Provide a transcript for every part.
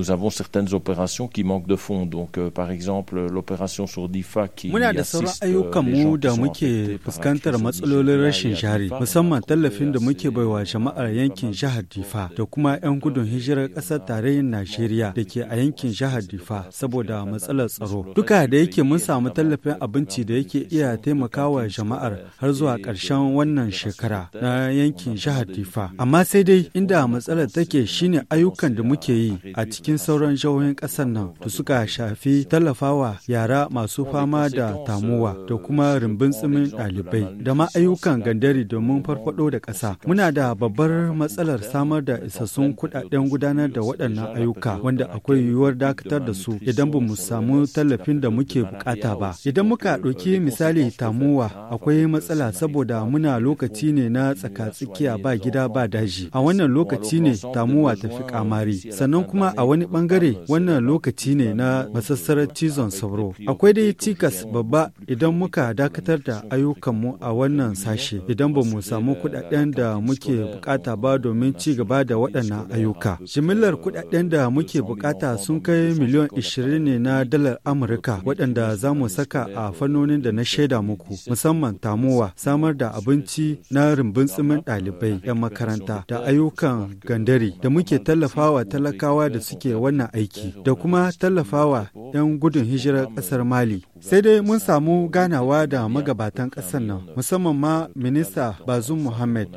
nous avons certaines opérations qui manquent de fonds. Donc, euh, par exemple, l'opération sur DIFA qui Muna da sauran euh, ayyukan mu da muke fuskantar matsalolin rashin jari, musamman tallafin da muke baiwa euh, jama'ar yankin jihar Difa da kuma 'yan gudun hijirar kasar tarayyar Najeriya da ke a yankin jihar Difa saboda matsalar tsaro. Duka da yake mun samu tallafin abinci da yake iya taimakawa jama'ar har zuwa ƙarshen wannan shekara na yankin jihar Difa. Amma sai dai inda matsalar take shine ayyukan da muke yi a cikin cikin sauran jihohin ƙasar nan da suka shafi tallafawa yara masu fama da tamuwa da kuma rimbin tsimin ɗalibai da ma ayyukan gandari domin farfado da ƙasa. Muna da babbar matsalar samar da isassun kuɗaɗen gudanar da waɗannan ayyuka wanda akwai yiwuwar dakatar da su idan ba mu samu tallafin da muke buƙata ba. Idan muka ɗauki misali tamuwa akwai matsala saboda muna lokaci ne na tsaka-tsakiya ba gida ba daji. A wannan lokaci ne tamuwa ta fi kamari. Sannan kuma a wani wani bangare wannan lokaci ne na masassarar cizon sauro. Akwai dai cikas babba idan muka dakatar da ayyukanmu a wannan sashe idan ba mu samu kudaden da muke bukata ba domin ci gaba da waɗannan ayyuka. Jimillar kudaden da muke bukata sun kai miliyan 20 ne na dalar Amurka waɗanda za mu saka a fannonin da na shaida muku musamman tamuwa samar da abinci na rumbun tsimin ɗalibai 'yan makaranta da ayyukan gandari da muke tallafawa talakawa da suke ke wannan aiki da kuma tallafawa 'yan gudun hijirar kasar Mali. Sai dai mun samu ganawa da magabatan kasar nan, musamman ma minista Bazum Muhammad,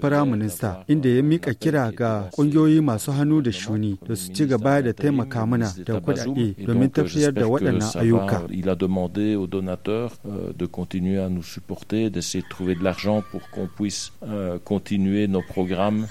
fara minista inda ya mika kira ga ƙungiyoyi masu hannu da shuni da su ci gaba da taimaka mana da kudade domin tafiyar da waɗannan ayyuka. Euh, continuer à nous supporter, d'essayer de trouver de l'argent pour qu'on puisse euh, continuer nos programmes